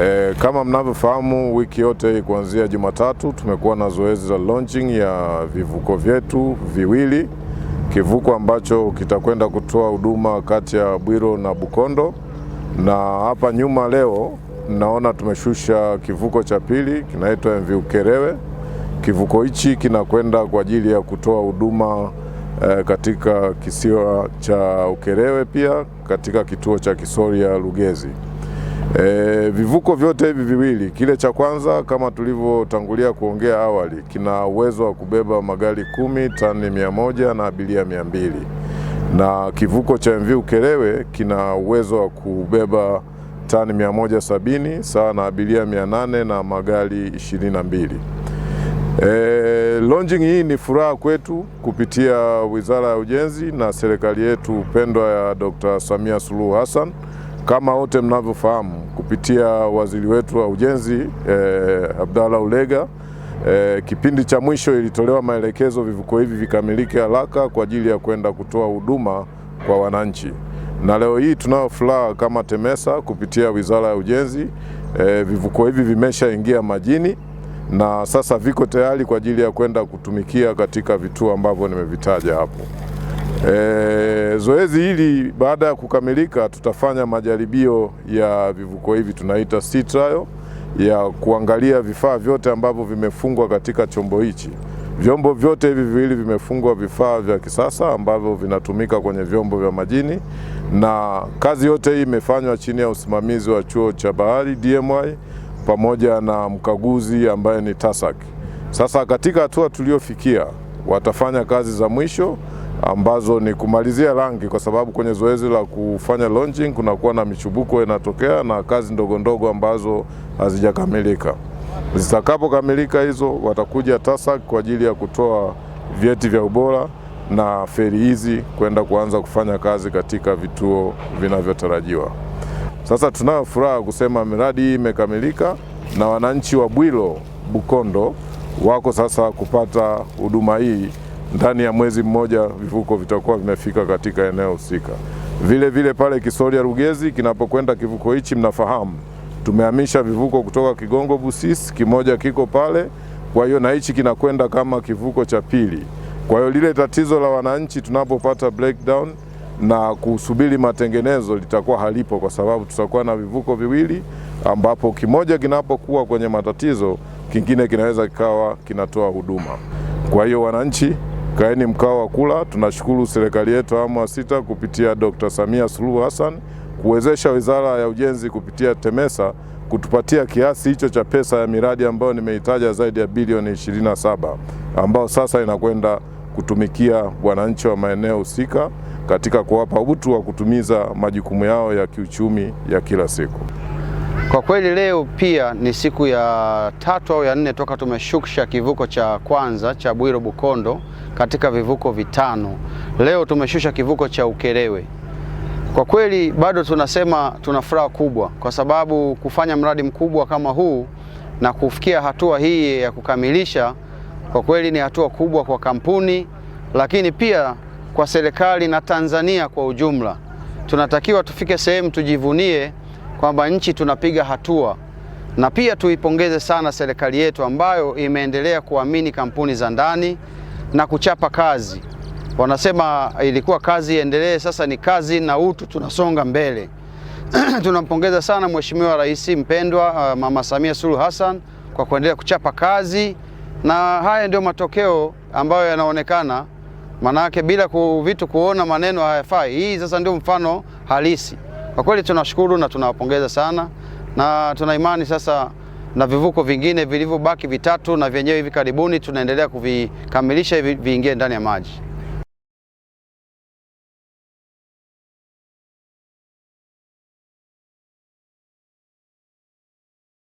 E, kama mnavyofahamu wiki yote hii kuanzia Jumatatu tumekuwa na zoezi la launching ya vivuko vyetu viwili, kivuko ambacho kitakwenda kutoa huduma kati ya Bwiro na Bukondo, na hapa nyuma leo naona tumeshusha kivuko cha pili kinaitwa MV Ukerewe. Kivuko hichi kinakwenda kwa ajili ya kutoa huduma e, katika kisiwa cha Ukerewe, pia katika kituo cha Kisoria Lugezi. E, vivuko vyote hivi viwili, kile cha kwanza kama tulivyotangulia kuongea awali, kina uwezo wa kubeba magari kumi, tani mia moja na abiria mia mbili na kivuko cha MV Ukerewe kina uwezo wa kubeba tani mia moja sabini sawa na abiria mia nane na magari ishirini na mbili. E, launching hii ni furaha kwetu kupitia Wizara ya Ujenzi na serikali yetu pendwa ya Dr. Samia Suluhu Hassan kama wote mnavyofahamu kupitia waziri wetu wa ujenzi eh, Abdalla Ulega eh, kipindi cha mwisho ilitolewa maelekezo vivuko hivi vikamilike haraka kwa ajili ya kwenda kutoa huduma kwa wananchi, na leo hii tunayo furaha kama TEMESA kupitia wizara ya ujenzi eh, vivuko hivi vimeshaingia majini na sasa viko tayari kwa ajili ya kwenda kutumikia katika vituo ambavyo nimevitaja hapo eh, Zoezi hili baada ya kukamilika, tutafanya majaribio ya vivuko hivi tunaita sea trial ya kuangalia vifaa vyote ambavyo vimefungwa katika chombo hichi. Vyombo vyote hivi viwili vimefungwa vifaa vya kisasa ambavyo vinatumika kwenye vyombo vya majini, na kazi yote hii imefanywa chini ya usimamizi wa chuo cha bahari DMI pamoja na mkaguzi ambaye ni TASAC. Sasa katika hatua tuliyofikia, watafanya kazi za mwisho ambazo ni kumalizia rangi, kwa sababu kwenye zoezi la kufanya launching kunakuwa na michubuko inatokea na kazi ndogo ndogo ambazo hazijakamilika. Zitakapokamilika hizo, watakuja TASAC kwa ajili ya kutoa vyeti vya ubora na feri hizi kwenda kuanza kufanya kazi katika vituo vinavyotarajiwa. Sasa tunayo furaha kusema miradi hii imekamilika na wananchi wa Bwilo, Bukondo wako sasa kupata huduma hii ndani ya mwezi mmoja vivuko vitakuwa vimefika katika eneo husika. Vile vile pale kisoria Rugezi kinapokwenda kivuko hichi, mnafahamu tumehamisha vivuko kutoka Kigongo Busisi, kimoja kiko pale, kwa hiyo na hichi kinakwenda kama kivuko cha pili. Kwa hiyo lile tatizo la wananchi tunapopata breakdown na kusubiri matengenezo litakuwa halipo, kwa sababu tutakuwa na vivuko viwili, ambapo kimoja kinapokuwa kwenye matatizo, kingine kinaweza kikawa kinatoa huduma. Kwa hiyo wananchi Kaeni mkao wa kula. Tunashukuru serikali yetu awamu ya sita kupitia Dr. Samia Suluhu Hassan kuwezesha Wizara ya Ujenzi kupitia TEMESA kutupatia kiasi hicho cha pesa ya miradi ambayo nimeitaja zaidi ya bilioni 27 ambayo sasa inakwenda kutumikia wananchi wa maeneo husika katika kuwapa utu wa kutumiza majukumu yao ya kiuchumi ya kila siku. Kwa kweli leo pia ni siku ya tatu au ya nne toka tumeshusha kivuko cha kwanza cha Bwiro Bukondo katika vivuko vitano. Leo tumeshusha kivuko cha Ukerewe. Kwa kweli bado tunasema tuna furaha kubwa kwa sababu kufanya mradi mkubwa kama huu na kufikia hatua hii ya kukamilisha, kwa kweli ni hatua kubwa kwa kampuni, lakini pia kwa serikali na Tanzania kwa ujumla. Tunatakiwa tufike sehemu tujivunie kwamba nchi tunapiga hatua, na pia tuipongeze sana serikali yetu ambayo imeendelea kuamini kampuni za ndani na kuchapa kazi. Wanasema ilikuwa kazi iendelee, sasa ni kazi na utu, tunasonga mbele. Tunampongeza sana Mheshimiwa Rais mpendwa uh, Mama Samia Suluhu Hassan kwa kuendelea kuchapa kazi, na haya ndio matokeo ambayo yanaonekana. Maanake bila ku vitu kuona maneno hayafai. Hii sasa ndio mfano halisi. Kwa kweli tunashukuru na tunawapongeza sana, na tuna imani sasa na vivuko vingine vilivyobaki vitatu na vyenyewe hivi karibuni tunaendelea kuvikamilisha hivi viingie ndani ya maji.